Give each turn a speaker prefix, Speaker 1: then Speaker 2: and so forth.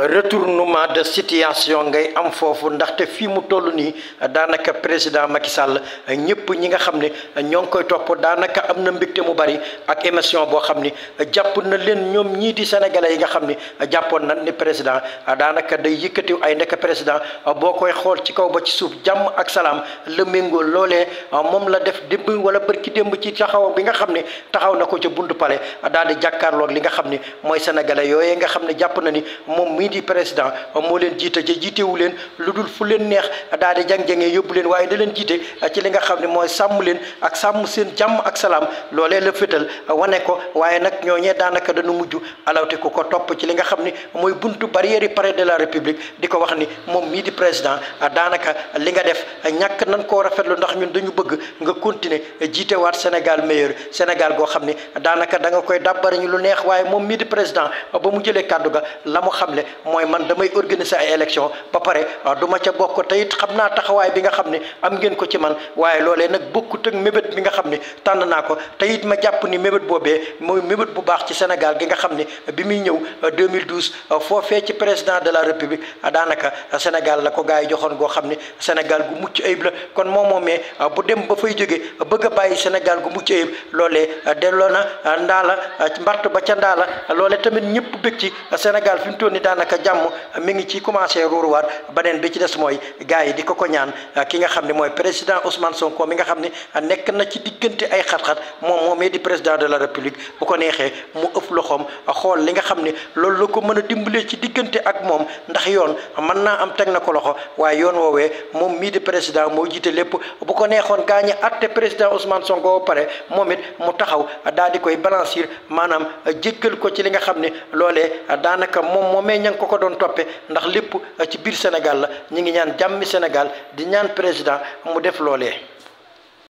Speaker 1: retournement de situation ngay am foofu ndaxte fii mu toll nii daanaka président Macky Sall ñëpp ñi nga xam ne ñoo ngi koy topp daanaka am na mbégte mu bari ak émission boo xam ni jàpp na leen ñoom ñii di sénégalais yi nga xam ni jàppoon nañ ni président daanaka day yëkkatiw ay nekk président boo koy xool ci kaw ba ci suuf jàmm ak salaam la méngoo loolee moom la def démb wala bërki démb ci taxaw bi nga xam ne taxaw na ko ca buntu pale daal di jàkkaarloog li nga xam ni mooy sénégalais yooyu nga xam ne jàpp na ni moom di président moo leen jiite ca jiitewu leen lu dul fu leen neex daal di yóbbu leen waaye da leen jiite ci li nga xam ne mooy sàmm ak sàmm seen jàmm ak salaam loolee la fétal wane ko waaye nag ñooñee daanaka dañu mujj alawte ku ko topp ci li nga xam ni mooy buntu barrière yi pare de la république di ko wax ni moom mii di président daanaka li nga def ñàkk nan koo rafetlu ndax ñun dañu bëgg nga continuer jiite waat Sénégal meilleur Sénégal goo xam ni daanaka da nga koy dàbbari ñu lu neex waaye moom mii di président ba mu jëlee kàddu ga la mu xamle mooy man damay organiser ay élection ba pare du ma ca bokk te it xam naa taxawaay bi nga xam ne am ngeen ko ci man waaye loolee nag bokkut ak mébét bi nga xam ne tànn naa ko te it ma jàpp ni mébét boobee mooy mébét bu baax ci Sénégal gi nga xam ne bi muy ñëw 2012 euh, euh, foofee ci président de la république euh, daanaka Sénégal la ko gars yi joxoon goo xam ne Sénégal gu mucc ayib la kon moom moomee bu dem ba fay jóge bëgg a bàyyi Sénégal gu mucc ayib loolee delloo na ndaa la ba ca ndaa la loolee tamit ñëpp ci Sénégal fi mu toll nii daan daanaka jàmm mi ngi ci commencé ruuruwaat beneen bi ci des mooy gars yi di ko ko ñaan ki nga xam ne mooy président Ousmane Sonko mi nga xam ne nekk na ci diggante ay xat-xat moom moomee de la république ko neexee mu ëpp loxoom xool li nga xam ne loolu la ko mën a dimbalee ci diggante ak moom ndax yoon mën naa am teg na ko loxo waaye yoon woowee moom mii di président moo jiite lépp bu ko neexoon gaa ñi atte président Ousmane Sonko ba pare moom it mu taxaw daal di koy balancer maanaam jéggal ko ci li nga xam ne loolee daanaka moom moomee keneen ko ko doon toppee ndax lépp ci biir Sénégal la ñu ngi ñaan jàmmi Sénégal di ñaan président mu def loole